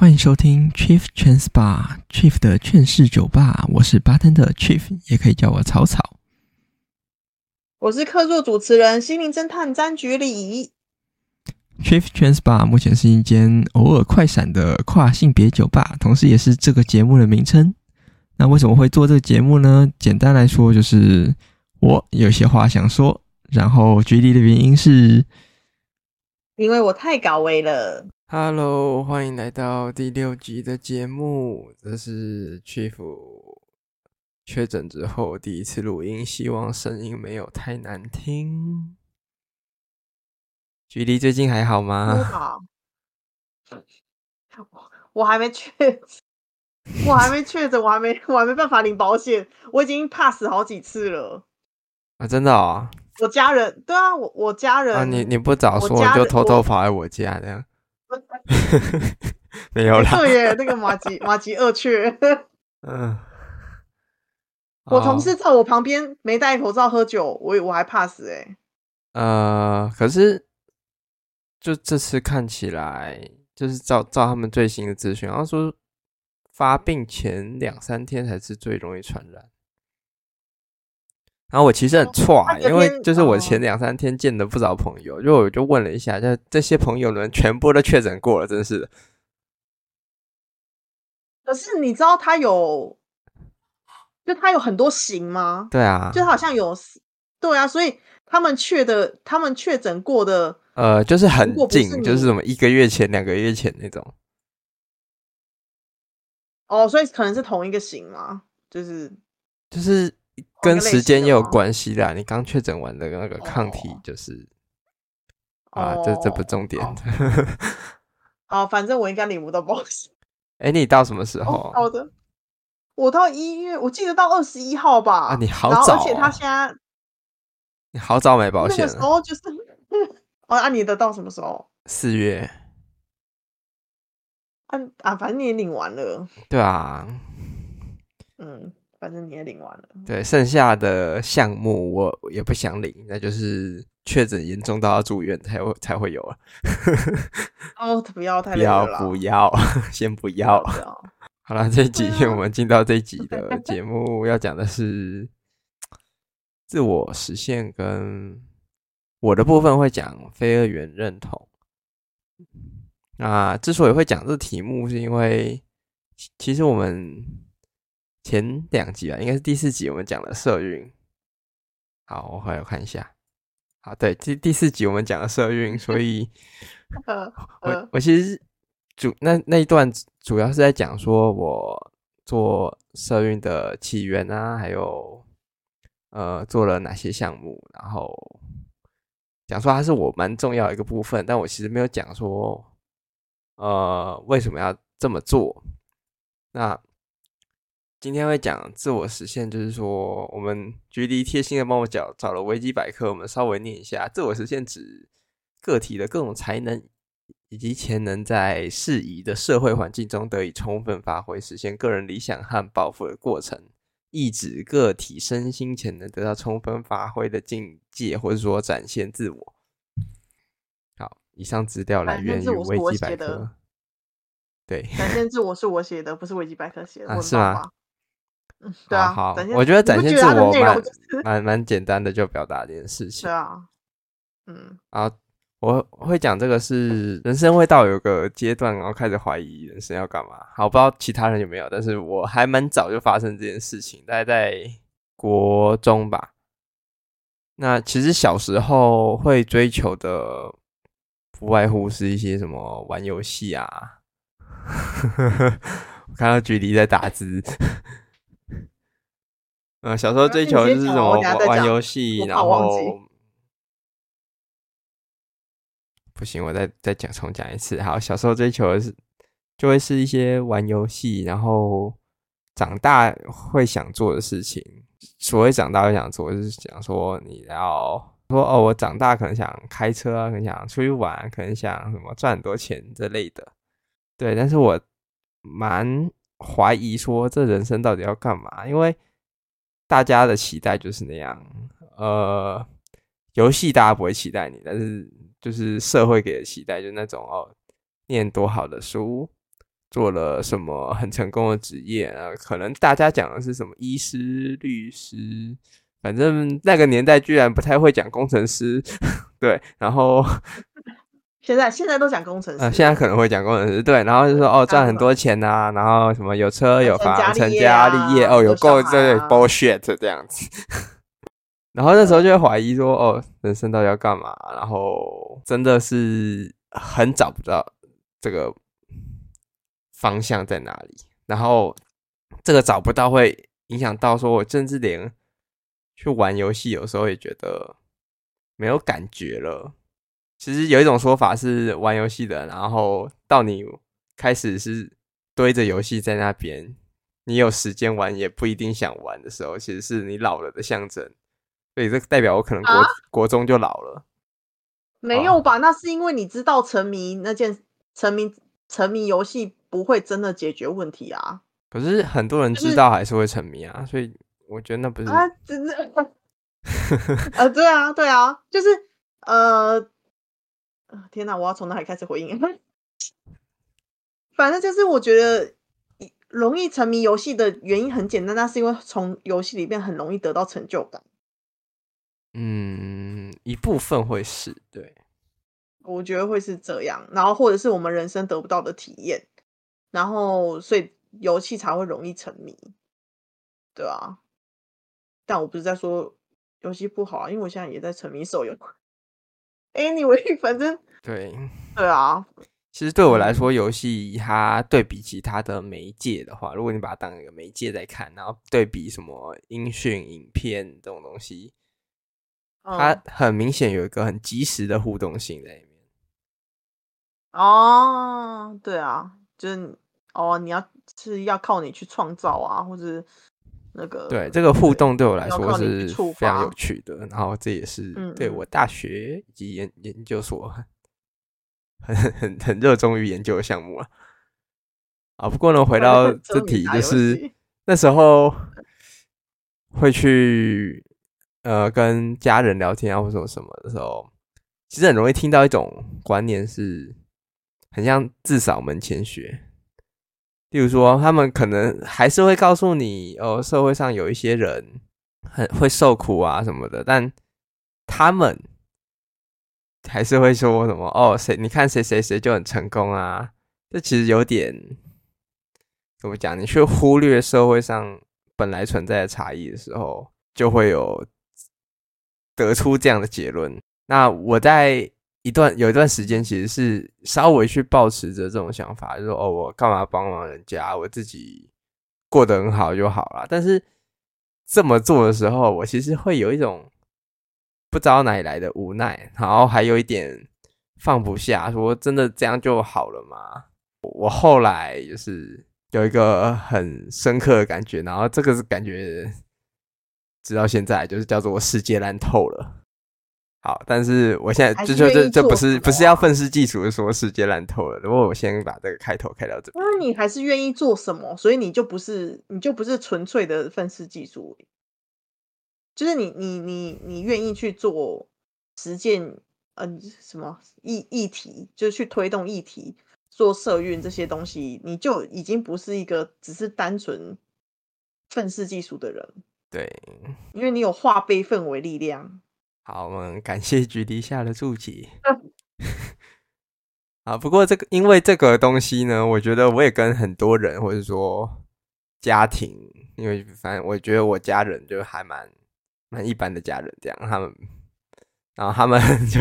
歡迎收聽 TrifTransBar Trif 的勸世酒吧，我是巴登的 Trif，也可以叫我草草。我是客座主持人、心靈偵探張菊禮。TrifTransBar 目前是一間偶爾快閃的跨性別酒吧，同時也是這個節目的名稱。那為什麼會做這個節目呢？簡單來說，就是我有些話想說，然後決定的原因是，因為我太高危了。Hello，歡迎來到第六集的節目。這是 Chief 確診之後第一次錄音，希望聲音沒有太難聽。距離最近還好嗎？不好、啊，我還沒確，我還沒確診，我還沒， 我，還沒我還沒辦法領保險，我已經 pass 好幾次了。啊，真的、哦、我家人對啊我？我家人對啊，我我家人，你你不早說，你就偷偷跑來我家我這樣。 沒有了啦、欸，對耶， 那個馬吉馬吉二去嗯， 我同事在我旁邊沒戴口罩喝酒，我我還怕死哎、欸。呃，可是就這次看起來，就是照照他們最新的資訊然後說發病前兩三天才是最容易傳染。然後我其實很錯啊，嗯、因為就是我前兩三天見了不少朋友，呃、就我就問了一下，這這些朋友們，全部都確診過了，真是的。可是你知道他有，就他有很多型嗎？對啊，就好像有，對啊，所以他們確的，他們確診過的，呃，就是很近，是就是什麼一個月前、兩個月前那種。哦，所以可能是同一個型嗎？就是，就是。跟時間也有關係的，你剛確診完的那個抗體就是 oh. Oh. 啊，這這不重點的。反正我應該領不到保險。哎、欸，你到什麼時候？好的，我到一月，我記得到二十一號吧。啊，你好早、哦。而且他現在你好早買保險，那個時候就是。哦，那、啊、你的到什麼時候？四月。啊，反正你也領完了。對啊。嗯。反正你也領完了。對，剩下的項目我也不想領，那就是確診嚴重到要住院才會才會有了。呵哦， oh, 不要太累了不要，不要，先不要。不要不要，好啦，這集我們進到這集的節目要講的是自我實現跟我的部分會講非二元認同。 那之所以會講這題目，是因為其實我們。前兩集啊，應該是第四集我們講了社運。好，我回來看一下。好，對，第第四集我們講了社運，所以我，我我其實主那那一段主要是在講說我做社運的起源啊，還有，呃，做了哪些項目，然後，講說它是我蠻重要的一個部分，但我其實沒有講說，呃，為什麼要這麼做。那。今天會講自我實現，就是說我們菊梨貼心的幫我找找了維基百科，我們稍微念一下：自我實現指個體的各種才能以及潛能，在適宜的社會環境中得以充分發揮，實現個人理想和抱負的過程，亦指個體身心潛能得到充分發揮的境界，或者說展現自我。好，以上資料來源於維基百科。對，展現自我是我寫的，不是維基百科寫的啊，是嗎？嗯，對啊，好，好，現我覺得展現自我蠻、就是、蠻蠻，蠻簡單的，就表達這件事情。是啊，嗯，啊，我會講這個是人生會到有個階段，然後開始懷疑人生要幹嘛。好，不知道其他人有沒有，但是我還蠻早就發生這件事情，大概在國中吧。那其實小時候會追求的，不外乎是一些什麼玩遊戲啊。 我看到距 u 在打字。嗯，小時候追求的是什麼玩？玩玩遊戲，然後不行，我再再講，重講一次。好，小時候追求的是，就會是一些玩遊戲，然後長大會想做的事情。所謂長大會想做，就是想說你要說哦，我長大可能想開車啊，可能想出去玩啊，可能想什麼賺很多錢之類的。對，但是我蠻懷疑說，這人生到底要幹嘛，因為。大家的期待就是那樣，呃，遊戲大家不會期待你，但是就是社會給的期待，就那種哦，念多好的書，做了什麼很成功的職業啊，可能大家講的是什麼醫師、律師，反正那個年代居然不太會講工程師，對，然後。現在現在都講工程師、呃，現在可能會講工程師，對，然後就說哦，賺很多錢吶、啊，然後什麼有車有房，成家立業，業業哦，啊、有夠 bullshit 這樣子， 然後那時候就會懷疑說，哦，人生到底要幹嘛、啊？然後真的是很找不到這個方向在哪裡，然後這個找不到會影響到說，我甚至連去玩遊戲有時候也覺得沒有感覺了。其實有一種說法是，玩遊戲的，然後到你開始是堆着遊戲在那邊，你有時間玩也不一定想玩的時候，其實是你老了的象徵。所以這代表我可能國、啊、國中就老了。沒有吧？哦、那是因為你知道沉迷那件沉迷沉迷遊戲不會真的解決問題啊。可是很多人知道還是會沉迷啊，是所以我覺得那不是啊。真的、啊、 呃，對啊，對啊，就是呃。啊天哪！我要從哪裡開始回應？ 反正就是我覺得容易沉迷遊戲的原因很簡單，那是因為從遊戲裡面很容易得到成就感。嗯，一部分會是，對，我覺得會是這樣。然後或者是我們人生得不到的體驗，然後所以遊戲才會容易沉迷，對啊？但我不是在說遊戲不好啊，因為我現在也在沉迷手遊。哎，你反正對對啊。其實對我來說，遊戲它對比其他的媒介的話，如果你把它當一個媒介在看，然後對比什麼音訊、影片這種東西，它很明顯有一個很即時的互動性在裡面。嗯、哦，對啊，就是哦，你要是要靠你去創造啊，或者。那個，對，這個互動對我來說是非常有趣的，然後這也是對我大學以及研研究所很很很很熱衷於研究的項目啊。啊，不過呢，回到這題，就是那時候會去呃跟家人聊天啊，或者什麼的時候，其實很容易聽到一種觀念是，是很像“自掃門前雪”。例如說，他們可能還是會告訴你，哦，社會上有一些人很會受苦啊什麼的，但他們還是會說什麼，哦，誰你看誰誰誰就很成功啊，這其實有點怎麼講？你去忽略社會上本來存在的差異的時候，就會有得出這樣的結論。那我在。一段有一段時間，其實是稍微去抱持着這種想法，就是說，哦，我幹嘛幫忙人家，我自己過得很好就好了。但是這麼做的時候，我其實會有一種不知道哪裡來的無奈，然後還有一點放不下，說真的這樣就好了嗎？我後來就是有一個很深刻的感覺，然後這個是感覺直到現在，就是叫做世界爛透了。好，但是我現在就就就這、啊、這不是不是要憤世嫉俗的說世界爛透了。如果我先把這個開頭開到這，那你還是願意做什麼？所以你就不是你就不是純粹的憤世嫉俗，就是你你你你願意去做實踐，嗯、呃，什麼議議題，就是去推動議題，做社運這些東西，你就已經不是一個只是單純憤世嫉俗的人。對，因為你有化悲憤為力量。好，我們感謝局底下的註解 啊。不過這個，因為這個東西呢，我覺得我也跟很多人，或者說家庭，因為反正我覺得我家人就還蠻蠻一般的家人，這樣他們，然後他們就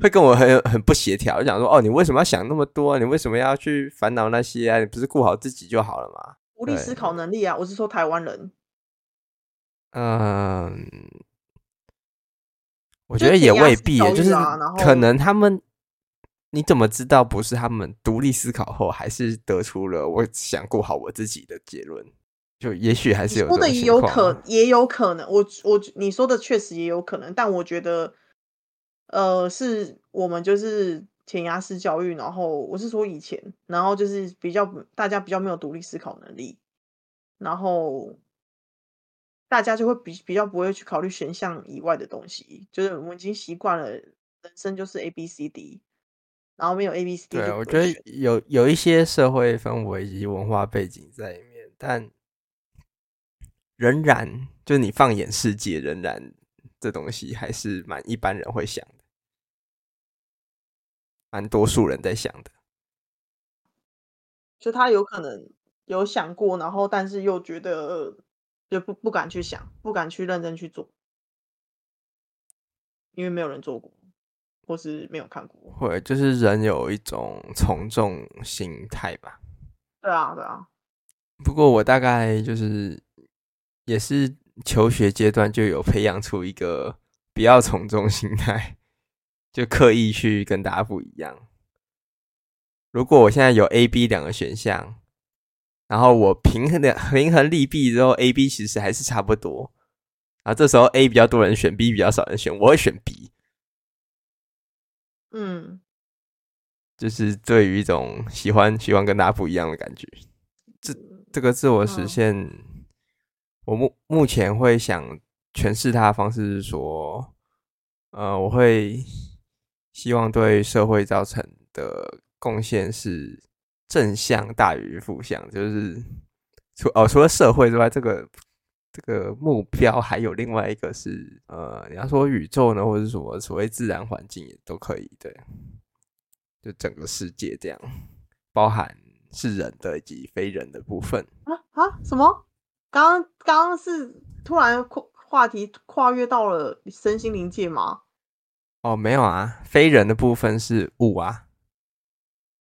會跟我很很不協調，就講說哦，你為什麼要想那麼多？你為什麼要去煩惱那些啊？你不是顧好自己就好了嗎？無力思考能力啊，我是說台灣人。嗯。我覺得也未必，就,啊、就是可能他們，後你怎麼知道不是他們獨立思考後還是得出了我想顧好我自己的結論？就也許還是有的，也有可能，也有可能。我我你說的確實也有可能，但我覺得，呃，是我們就是填鴨式教育，然後我是說以前，然後就是比較大家比較沒有獨立思考能力，然後。大家就會比比較不會去考慮選項以外的東西，就是我們已經習慣了，人生就是 A B C D，然後沒有 A B C D。對，我覺得有有一些社會氛圍以及文化背景在裡面，但仍然，就你放眼世界，仍然這東西還是蠻一般人會想的，蠻多數人在想的。嗯。就他有可能有想過，然後但是又覺得。就不不敢去想，不敢去認真去做，因為沒有人做過，或是沒有看過。會就是人有一種從眾心態吧。對啊，對啊。不過我大概就是也是求學階段就有培養出一個不要從眾心態，就刻意去跟大家不一樣。如果我現在有 A、B 兩個選項。然後我平衡的平衡利弊之後，A、B 其實還是差不多。啊，這時候 A 比較多人選，B 比較少人選，我會選 B。嗯，就是對於一種喜歡喜歡跟大家不一樣的感覺，這這個自我實現，嗯、我目目前會想詮釋它的方式是說，呃，我會希望對社會造成的貢獻是。正向大於負向，就是除哦除了社會之外，這個這個目標還有另外一個是呃，你要說宇宙呢，或者什麼所謂自然環境也都可以，對，就整個世界這樣，包含是人的以及非人的部分。啊啊，什麼？剛剛剛剛是突然跨話題跨越到了身心靈界嗎？哦，沒有啊，非人的部分是物啊。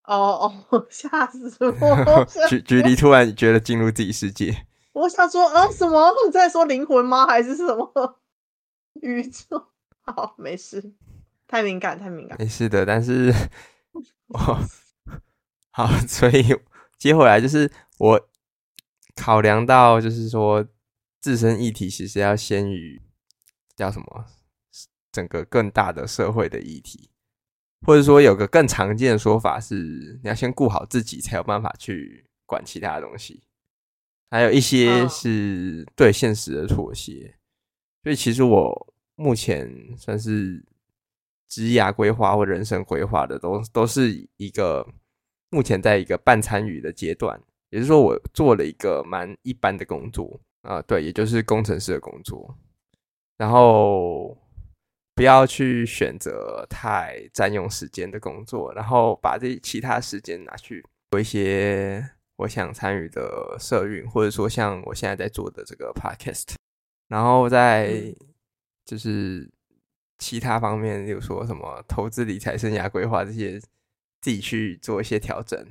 哦哦，嚇死我！距離突然覺得進入自己世界，我想說，啊，什麼？你在說靈魂嗎？還是什麼？宇宙？好，沒事，太敏感，太敏感，沒事、欸、的。但是，我好，所以接回來就是我考量到，就是說自身議題其實要先於叫什麼？整個更大的社會的議題。或者說，有個更常見的說法是，你要先顧好自己，才有辦法去管其他的東西。還有一些是對現實的妥協。所以，其實我目前算是職涯規劃或人生規劃的都，都都是一個目前在一個半參與的階段。也就是說，我做了一個蠻一般的工作啊、呃，對，也就是工程師的工作，然後。不要去選擇太占用時間的工作，然後把這其他時間拿去做一些我想參與的社運，或者說像我現在在做的這個 podcast，然後在就是其他方面，例如說什麼投資理財、生涯規劃這些，自己去做一些調整。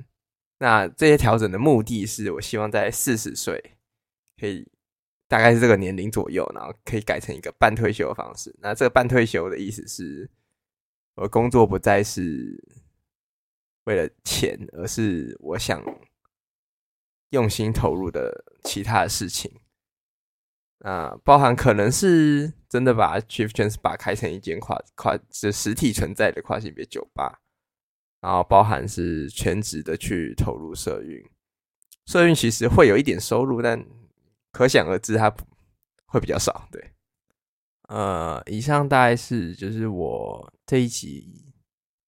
那這些調整的目的是，我希望在四十歲可以。大概是這個年齡左右，然後可以改成一個半退休的方式。那這個半退休的意思是，我工作不再是為了錢，而是我想用心投入的其他的事情。啊，包含可能是真的把 TrifTransBar 把開成一間跨跨就實體存在的跨性別酒吧，然後包含是全職的去投入社運。社運其實會有一點收入，但。可想而知，他會比較少。對，呃，嗯，以上大概是就是我這一集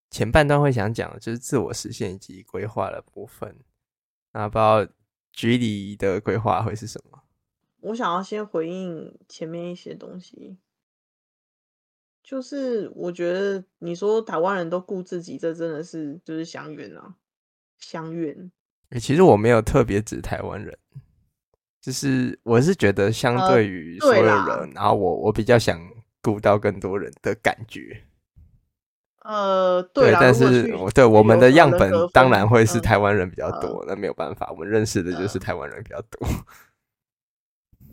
前半段會想講的，就是自我實現以及規劃的部分。那不知道局里的規劃會是什麼？我想要先回應前面一些東西，就是我覺得你說台灣人都顧自己，這真的是就是相怨啊，相怨。欸，其實我沒有特別指台灣人。就是我是覺得，相對於所有人，呃、然後我我比較想顧到更多人的感覺。呃，對，對，但是我對我們的樣本當然會是台灣人比較多，那、呃呃、沒有辦法，我們認識的就是台灣人比較多，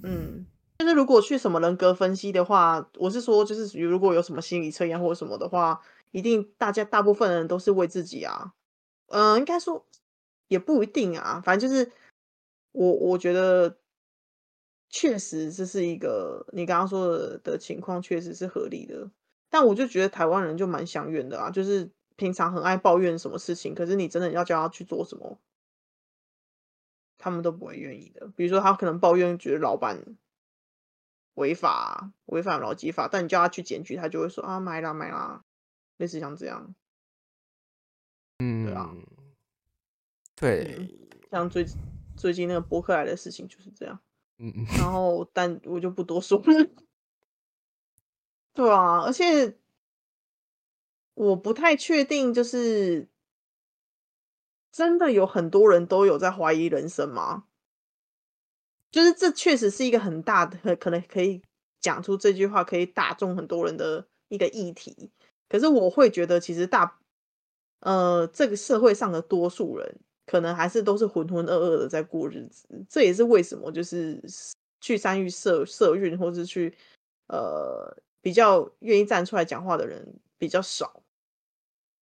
呃。嗯，就是如果去什麼人格分析的話，我是說，就是如果有什麼心理測驗或者什麼的話，一定大家大部分人都是為自己啊。嗯、呃，應該說也不一定啊，反正就是。我我覺得確實這是一個你剛剛說的的情況，確實是合理的。但我就覺得台灣人就蠻鄉願的啊,就是平常很愛抱怨什麼事情，可是你真的要叫他去做什麼，他們都不會願意的。比如說他可能抱怨覺得老板違法違反勞基法，但你叫他去檢舉，他就會說啊買啦買啦，買啦，類似像這樣。嗯，對啊，對、嗯，像最近。最近那個博客來的事情就是這樣，嗯嗯，然後但我就不多說了。對啊，而且我不太確定，就是真的有很多人都有在懷疑人生嗎？就是這確實是一個很大的可能，可以講出這句話，可以打中很多人的一個議題。可是我會覺得，其實大呃這個社會上的多數人。可能還是都是渾渾噩噩的在過日子，這也是為什麼就是去參與社社運，或是去呃比較願意站出來講話的人比較少，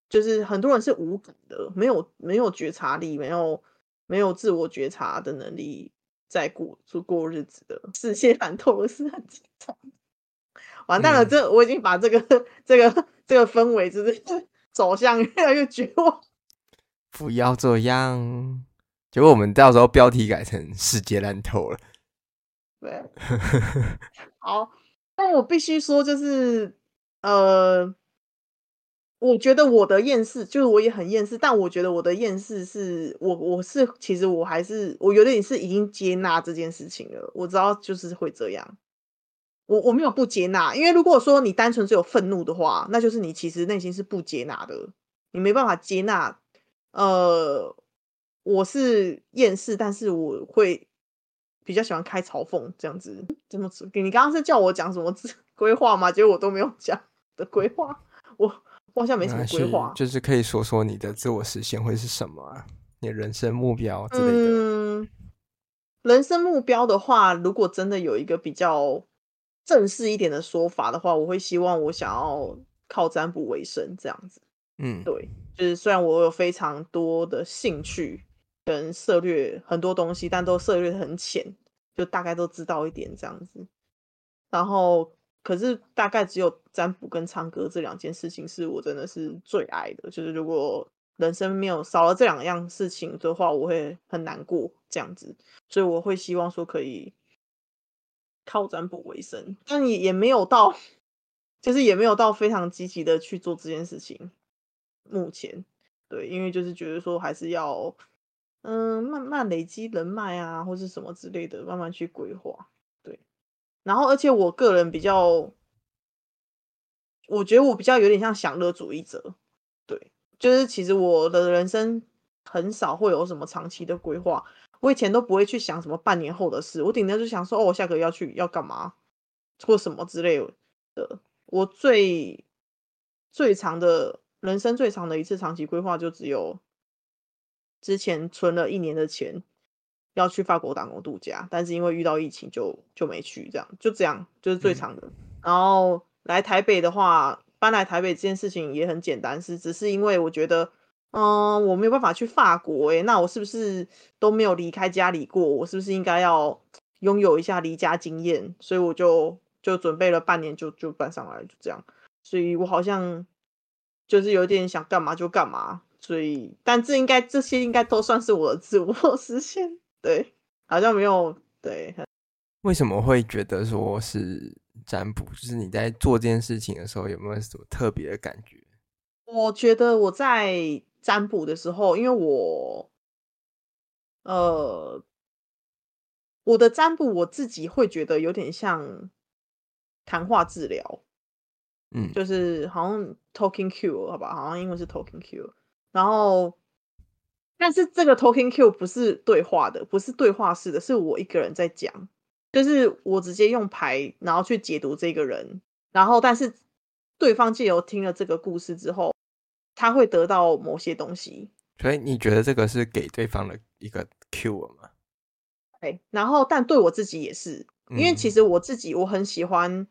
就是很多人是無感的，沒有沒有覺察力，沒有沒有自我覺察的能力，在過去過日子的。世界爛透了，是很正常，完蛋了，嗯、這我已經把這個這個這個氛圍就是走向越來越絕望。不要這樣，結果我們到時候標題改成“世界爛透了”。對， 好。但我必須說，就是呃，我覺得我的厭世，就是我也很厭世，但我覺得我的厭世是，我我是其實我還是，我覺得你是已經接納這件事情了。我知道就是會這樣，我我沒有不接納，因為如果說你單純只有憤怒的話，那就是你其實內心是不接納的，你沒辦法接納。呃，我是厭世，但是我會比較喜歡開嘲諷這樣子。怎麼說？你剛剛是叫我講什麼規劃嗎？結果我都沒有講的規劃，我，我好像沒什麼規劃。就是可以說說你的自我實現會是什麼啊？你人生目標之類的。嗯，人生目標的話，如果真的有一個比較正式一點的說法的話，我會希望我想要靠占卜為生這樣子。嗯，對，就是雖然我有非常多的興趣跟涉略，很多東西，但都涉略很淺，就大概都知道一點這樣子。然後，可是大概只有占卜跟唱歌這兩件事情是我真的是最愛的，就是如果人生沒有少了這兩樣事情的話，我會很難過這樣子。所以我會希望說可以靠占卜為生，但也也沒有到，就是也沒有到非常積極的去做這件事情。目前，對，因為就是覺得說還是要，嗯，慢慢累積人脈啊，或是什麼之類的，慢慢去規劃。對，然後而且我個人比較，我覺得我比較有點像享樂主義者，對，就是其實我的人生很少會有什麼長期的規劃。我以前都不會去想什麼半年後的事，我頂多就想說，哦，我下個月要去要幹嘛，或什麼之類的。我最最長的。人生最長的一次長期規劃，就只有之前存了一年的錢，要去法國打工度假，但是因為遇到疫情就，就就沒去。這樣就這樣，就是最長的。嗯。然後來台北的話，搬來台北這件事情也很簡單是，是只是因為我覺得，嗯、呃，我沒有辦法去法國、欸，哎，那我是不是都沒有離開家裡過？我是不是應該要擁有一下離家經驗？所以我就就準備了半年就，就就搬上來，就這樣。所以我好像。就是有點想幹嘛就幹嘛，所以，但這應該這些應該都算是我的自我實現，對，好像沒有對。為什麼會覺得說是占卜？就是你在做這件事情的時候，有沒有什麼特別的感覺？我覺得我在占卜的時候，因為我，呃，我的占卜我自己會覺得有點像談話治療。嗯，就是好像 talking cure 好吧？好像因為是 talking cure，然後，但是這個 talking cure 不是對話的，不是對話式的，是我一個人在講，就是我直接用牌，然後去解讀這個人，然後但是對方借由聽了這個故事之後，他會得到某些東西。所以你覺得這個是給對方的一個 cure 嗎？對、哎，然後但對我自己也是，因為其實我自己我很喜歡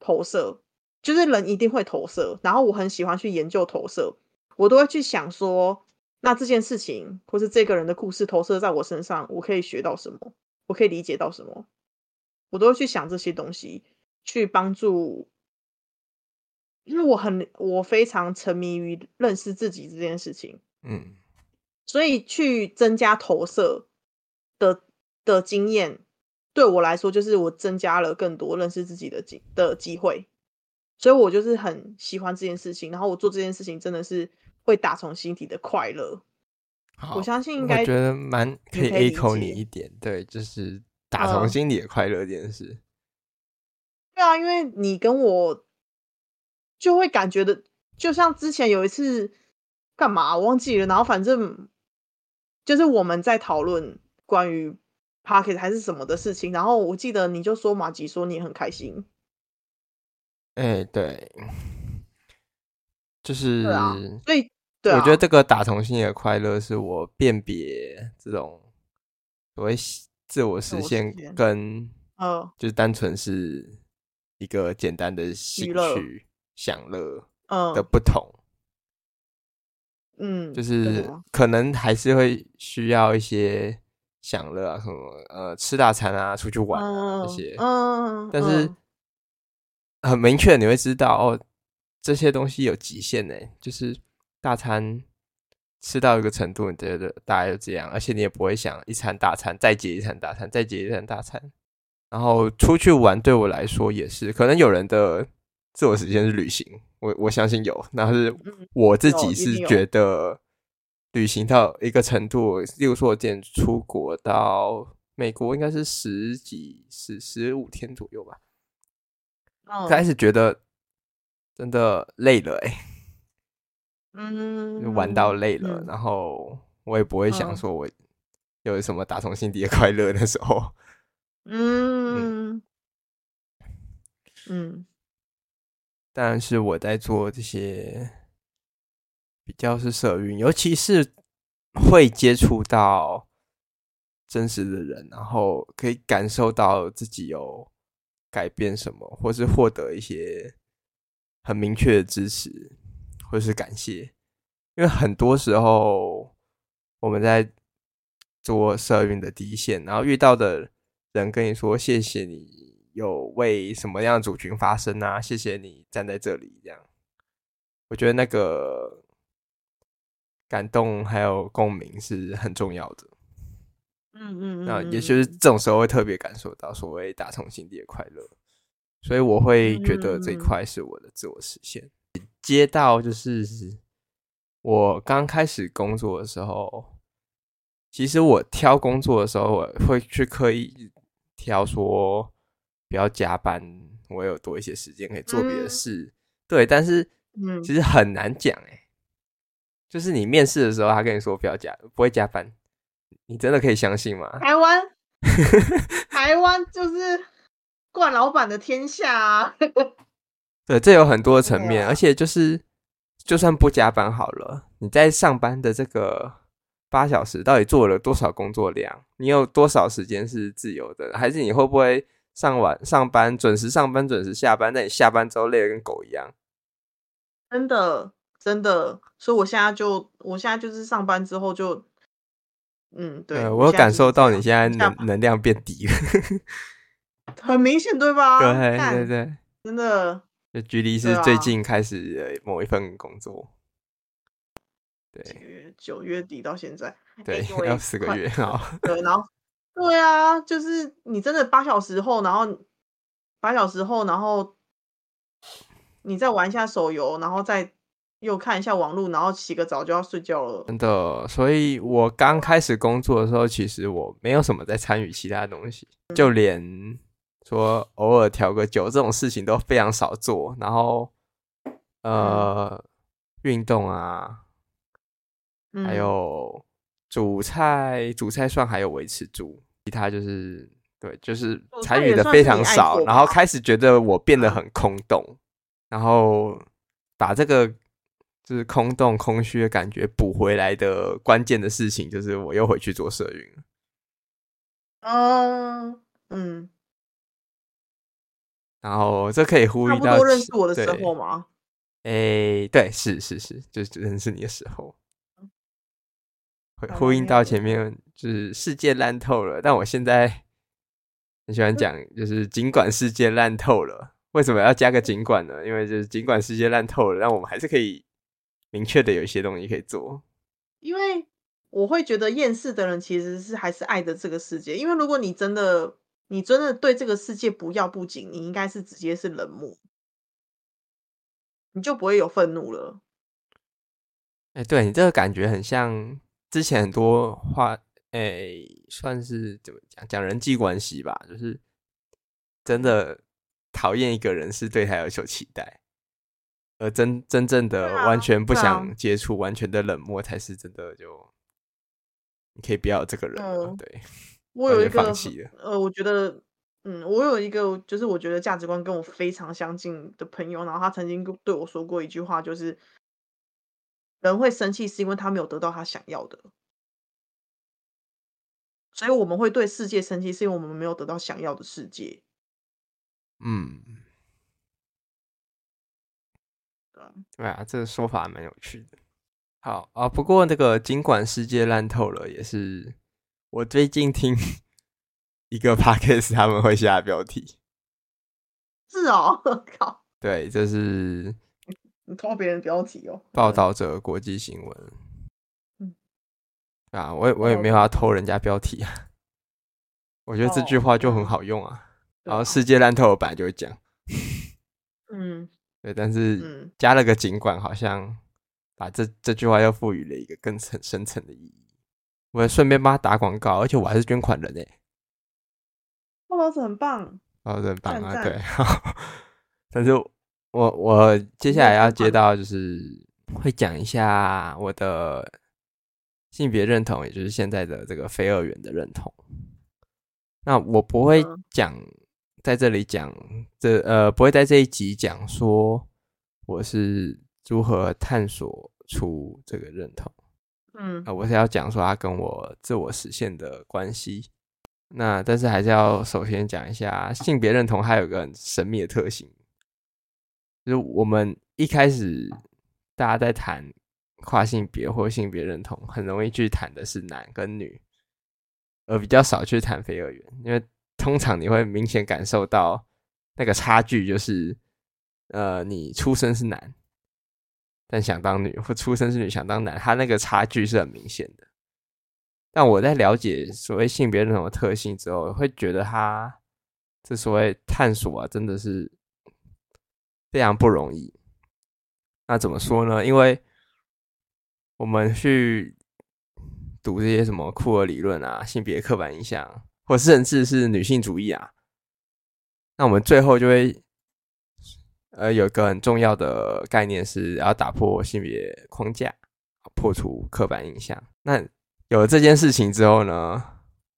投射。就是人一定會投射，然後我很喜歡去研究投射，我都會去想說，那這件事情或是這個人的故事投射在我身上，我可以學到什麼，我可以理解到什麼，我都會去想這些東西，去幫助，因為我很我非常沉迷於認識自己這件事情，嗯，所以去增加投射的的經驗，對我來說就是我增加了更多認識自己的機的機會。所以我就是很喜歡這件事情，然後我做這件事情真的是會打從心底的快樂。好我相信應該覺得蠻可以理 o 你一點，對，就是打從心底的快樂這點是。對啊，因為你跟我就會感覺的，就像之前有一次幹嘛我、啊、忘記了，然後反正就是我們在討論關於 p a r k e t 還是什麼的事情，然後我記得你就說馬吉說你也很開心。哎，欸、對，就是，對、啊，啊、我覺得這個打從心裡的快樂是我辨別這種所謂自我實現跟，哦，就是單純是一個簡單的興趣娛樂 享樂的不同，嗯，就是可能還是會需要一些享樂啊，什麼呃，吃大餐啊，出去玩啊那些，嗯，但是。很明確，你會知道哦，這些東西有極限呢。就是大餐吃到一個程度，你覺得大概就這樣，而且你也不會想一餐大餐再接一餐大餐，再接一,一餐大餐。然後出去玩對我來說也是，可能有人的自我時間是旅行，我我相信有。那是我自己是覺得旅行到一個程度，例如說我之前出國到美國，應該是十幾十十五天左右吧。開始覺得真的累了誒、欸、嗯，玩到累了，嗯、然後我也不會想說我有什麼打從心底的快樂的時候，嗯嗯，嗯嗯，但是我在做這些比較是社運，尤其是會接觸到真實的人，然後可以感受到自己有。改變什麼，或是獲得一些很明確的支持，或是感謝，因為很多時候我們在做社運的底線，然後遇到的人跟你說“謝謝你有為什麼樣的族群發聲啊”，謝謝你站在這裡，這樣，我覺得那個感動還有共鳴是很重要的。嗯嗯，那也就是這種時候會特別感受到所謂打從心底的快樂，所以我會覺得這一塊是我的自我實現。接到就是我剛開始工作的時候，其實我挑工作的時候，我會去刻意挑說不要加班，我有多一些時間可以做別的事。對，但是其實很難講哎，就是你面試的時候，他跟你說不要加，不會加班。你真的可以相信嗎？台灣灣， 台灣就是慣老板的天下啊！ 對，這有很多層面，啊、而且就是就算不加班好了，你在上班的這個八小時到底做了多少工作量？你有多少時間是自由的？還是你會不會上晚上班準時上班準時下班？但你下班之後累得跟狗一樣？真的，真的，所以我現在就，我現在就是上班之後就。嗯，對，呃、我有感受到你現在能能量變低了，很明顯，對吧？對對對，對對對真的。距離是最近開始的某一份工作，對，啊、對，九月底到現在，對，要、欸、四個月啊。對，然後，對啊，就是你真的八小時後，然後八小時後，然後你再玩一下手遊，然後再。又看一下網路，然後洗個澡就要睡覺了。真的，所以我剛開始工作的時候，其實我沒有什麼在參與其他的東西，嗯、就連說偶爾調個酒這種事情都非常少做。然後，呃，運、嗯、動啊，嗯、還有煮菜，煮菜算還有維持住，其他就是對，就是參與的非常少。然後開始覺得我變得很空洞，嗯、然後把這個。就是空洞、空虛的感覺，補回來的關鍵的事情就是，我又回去做社運了。哦，uh, 嗯。然後這可以呼應到不認識我的時候嗎？哎，對，是是是，就是認識你的時候，會 Okay. 呼應到前面，就是世界爛透了。但我現在很喜歡講，就是儘管世界爛透了，嗯，為什麼要加個儘管呢？因為就是儘管世界爛透了，但我們還是可以。明確的有一些東西可以做，因為我會覺得厭世的人其實是還是愛着這個世界，因為如果你真的你真的對這個世界不要不緊，你應該是直接是冷漠，你就不會有憤怒了。哎、欸，對你這個感覺很像之前很多話，哎、欸，算是怎麼講講人際關係吧，就是真的討厭一個人是對他有所期待。而真真正的完全不想接觸，對啊、完全的冷漠才是真的就。就、對啊、你可以不要這個人，對。我有一個，呃，我覺得，嗯，我有一個，就是我覺得價值觀跟我非常相近的朋友，然後他曾經對我說過一句話，就是：人會生氣是因為他沒有得到他想要的，所以我們會對世界生氣，是因為我們沒有得到想要的世界。嗯。對啊，這個說法還蠻有趣的。好啊，不過那、這個儘管世界爛透了，也是我最近聽一個 podcast 他們會下的標題是啊、哦，靠，對，這是你偷別人標題哦。報道者國際新聞，嗯，啊，我也我也沒法偷人家標題啊。我覺得這句話就很好用啊。哦、然後世界爛透了，本來就會講， 嗯。對，但是加了個儘管，好像把這這句話又賦予了一個更深深層的意義。我也順便幫他打廣告，而且我還是捐款人呢，欸哦。老子很棒，啊、哦，很棒啊，對。 但是我，我我接下來要接到就是會講一下我的性別認同，嗯，也就是現在的這個非二元的認同。那我不會講。在這裡講，這呃不會在這一集講說我是如何探索出這個認同，嗯啊、呃、我是要講說它跟我自我實現的關係。那但是還是要首先講一下性別認同，它有個很神秘的特性，就是我們一開始大家在談跨性別或性別認同，很容易去談的是男跟女，呃比較少去談非二元，因為。通常你會明顯感受到那個差距，就是呃，你出生是男，但想當女，或出生是女想當男，他那個差距是很明顯的。但我在了解所謂性別那種特性之後，會覺得他這所謂探索啊，真的是非常不容易。那怎麼說呢？因為我們去讀這些什麼酷兒理論啊、性別刻板印象。或甚至是女性主義啊，那我們最後就會呃有一個很重要的概念是，要打破性別框架，破除刻板印象。那有了這件事情之後呢，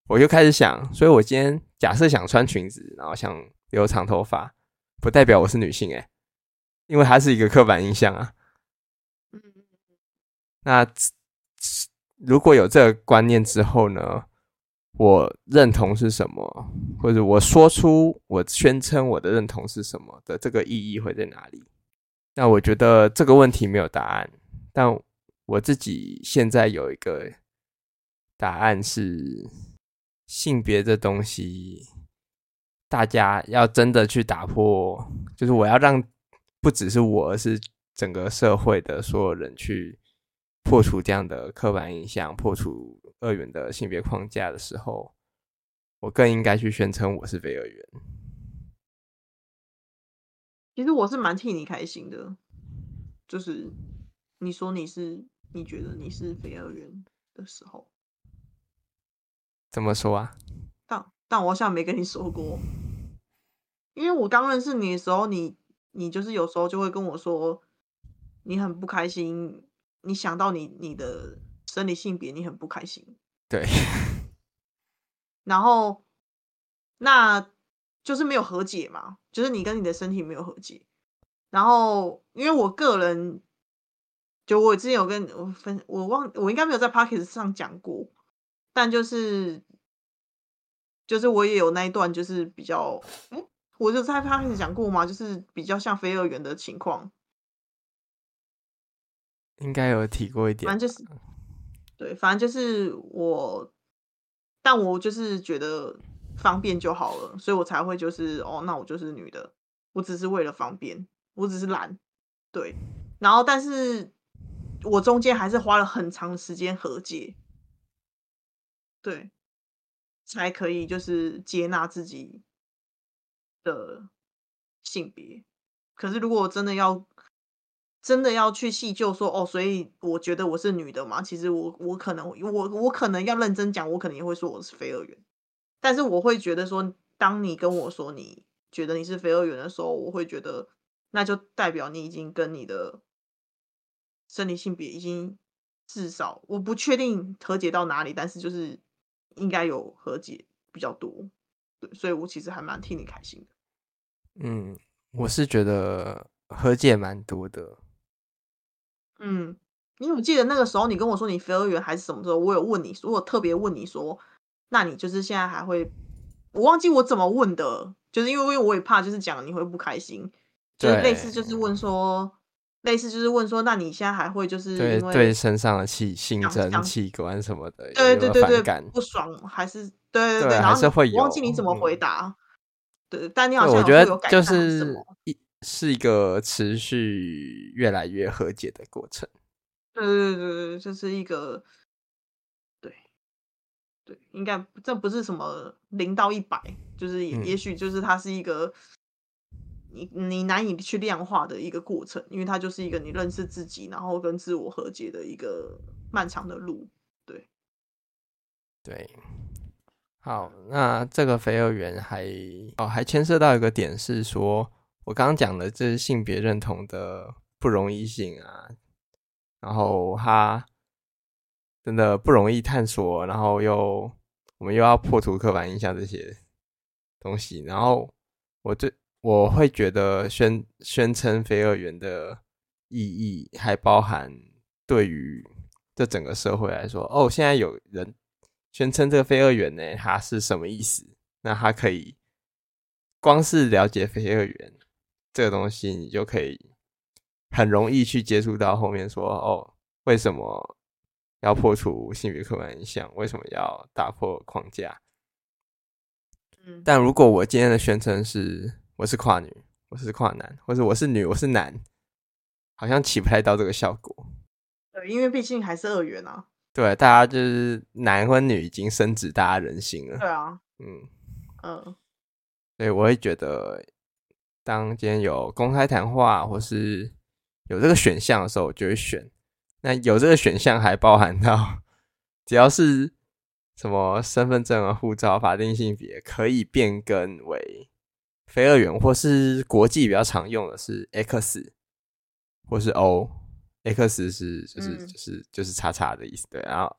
我就開始想，所以我今天假設想穿裙子，然後想留長頭髮，不代表我是女性誒、欸，因為它是一個刻板印象啊。那如果有這個觀念之後呢？我認同是什麼，或者我說出我宣稱我的認同是什麼的這個意義會在哪裡？那我覺得這個問題沒有答案，但我自己現在有一個答案是：性別這東西，大家要真的去打破，就是我要讓不只是我，而是整個社會的所有人去破除這樣的刻板印象，破除二元的性別框架的時候，我更應該去宣稱我是非二元。其實我是蠻替你開心的，就是你說你是，你覺得你是非二元的時候。怎麼說啊？但，但我好像沒跟你說過，因為我剛認識你的時候，你，你就是有時候就會跟我說，你很不開心，你想到你，你的。跟你性別，你很不開心。對，然後，那就是沒有和解嘛，就是你跟你的身體沒有和解。然後，因為我個人，就我之前有跟我分，我忘，我應該沒有在 Podcast 上講過，但就是，就是我也有那一段，就是比較，嗯，我就在 Podcast 講過嘛，就是比較像非二元的情況，應該有提過一點，對，反正就是我，但我就是覺得方便就好了，所以我才會就是哦，那我就是女的，我只是為了方便，我只是懶，對。然後，但是我中間還是花了很長時間和解，對，才可以就是接納自己的性別。可是如果真的要，真的要去細究說哦，所以我覺得我是女的嘛。其實我我可能我我可能要認真講，我可能也會說我是非二元。但是我會覺得說，當你跟我說你覺得你是非二元的時候，我會覺得那就代表你已經跟你的生理性別已經至少我不確定和解到哪裡，但是就是應該有和解比較多。對，所以我其實還蠻替你開心的。嗯，我是覺得和解蠻多的。嗯，因為我記得那個時候你跟我說你飛兒園還是什麼的時候，我有問你，我特別問你說，那你就是現在還會，我忘記我怎麼問的，就是因為因為我也怕就是講你會不開心，對就是類似就是問說，類似就是問說，那你現在還會就是因為對，對身上的氣，性徵器官什麼的，有有對對對，對對對，不爽還是對對，然後還是會有，我忘記你怎麼回答，嗯、對，但你好像有有我覺得就是一。是一個持續越來越和解的過程。對對對對，這是一個，對，對，應該這不是什麼零到一百，就是也、嗯、也許就是它是一個你，你你難以去量化的一個過程，因為它就是一個你認識自己，然後跟自我和解的一個漫長的路。對，對，好，那這個肥肉圓還哦還牽涉到一個點是說。我剛講的這是性別認同的不容易性啊，然後他真的不容易探索，然後又我們又要破除刻板印象這些東西，然後我對我會覺得宣宣稱非二元的意義，還包含對於這整個社會來說，哦，現在有人宣稱這個非二元呢，他是什麼意思？那他可以光是了解非二元。這個東西你就可以很容易去接觸到後面說哦，為什麼要破除性別刻板印象？為什麼要打破框架？嗯，但如果我今天的宣稱是我是跨女，我是跨男，或者我是女，我是男，好像起不太到這個效果。對，因為畢竟還是二元啊。對，大家就是男和女已經深植大家人心了。對啊。嗯嗯，呃、對，我會覺得。當今天有公開談話，或是有這個選項的時候，我就會選。那有這個選項還包含到，只要是什麼身份證啊、護照、法定性別可以變更為非二元，或是國際比較常用的是 X，或是 O。X 是就是就是就是叉叉的意思，嗯、對，然後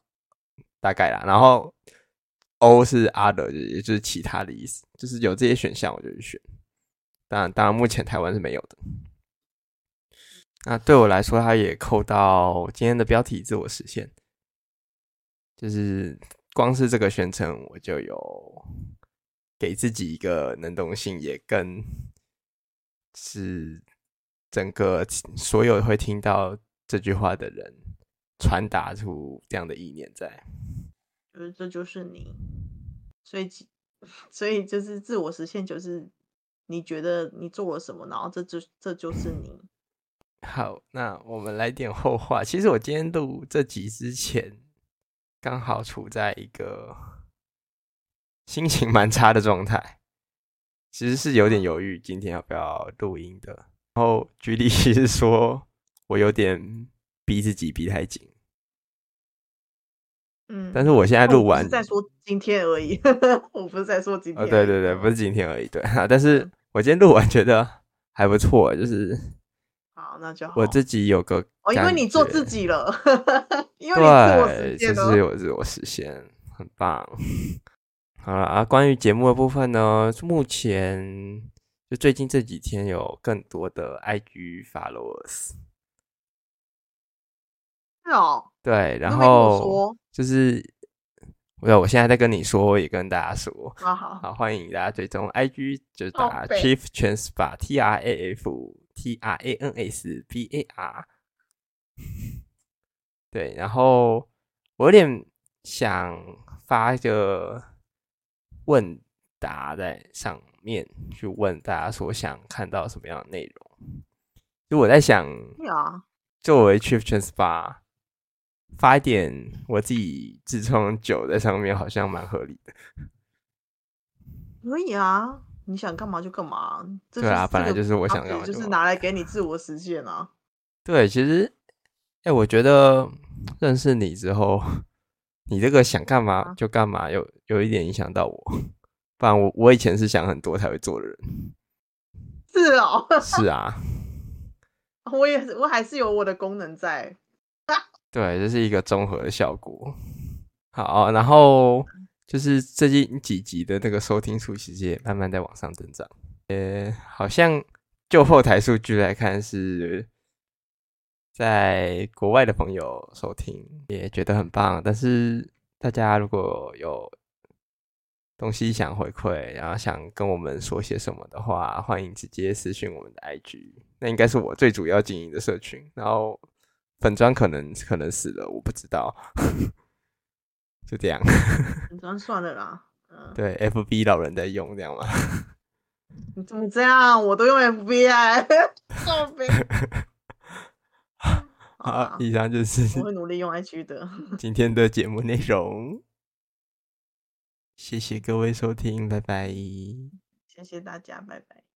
大概啦。然後 O 是 other，也就是其他的意思，就是有這些選項我就去選。當然，當然，目前台灣是沒有的。那對我來說，它也扣到今天的標題“自我實現”，就是光是這個宣稱，我就有給自己一個能動性，也跟是整個所有會聽到這句話的人傳達出這樣的意念在，在就是這就是你，所以所以就是自我實現就是。你覺得你做了什麼？然後這就這就是你。好，那我們來點後話。其實我今天錄這集之前，剛好處在一個心情蠻差的狀態，其實是有點猶豫今天要不要錄音的。然後舉例其實是說我有點逼自己逼太緊。嗯，但是我現在錄完再說今天而已。我不是在說今天，對對對，不是今天而已。對，但是。嗯我今天錄完覺得還不錯，就是好，那就好。我自己有個哦，因為你做自己了， 因為你做自己了，這、就是有自我實現，很棒。 好了啊，關於節目的部分呢，目前就最近這幾天有更多的 IG followers，是哦，對，然後就是。不要！我現在在跟你說，也跟大家說。哦、好好好，歡迎大家追蹤 IG，就是打、哦、TrifTransBar T R I F T R A N S B A R。A N S B、A R 對，然後我有點想發一個問答在上面，去問大家說想看到什麼樣的內容。就我在想，作為 TrifTransBar。發一點我自己自創酒在上面，好像蠻合理的。可以啊，你想幹嘛就幹嘛。這個、對啊，本來就是我想要的，啊、就是拿來給你自我實現啊。對，其實，哎、欸，我覺得認識你之後，你這個想幹嘛就幹嘛有，有有一點影響到我。不然我我以前是想很多才會做的人。是哦？ 是啊。我也是，我還是有我的功能在。 對這、就是一個綜合的效果。好，然後就是最近幾集的那個收聽數，其實也慢慢在往上增長。呃，好像就後台數據來看，是在國外的朋友收聽也覺得很棒。但是大家如果有東西想回饋，然後想跟我們說些什麼的話，歡迎直接私訊我們的 IG，那應該是我最主要經營的社群。然後。粉專可能可能死了，我不知道， 就這樣。粉 專，算了啦，對、嗯、F B 老人在用這樣吧。 你怎麼這樣？我都用 F B I，啊、欸、 啊，啊以上就是我會努力用、IG、的今天的節目內容。 謝謝各位收聽，拜拜。謝謝大家，拜拜。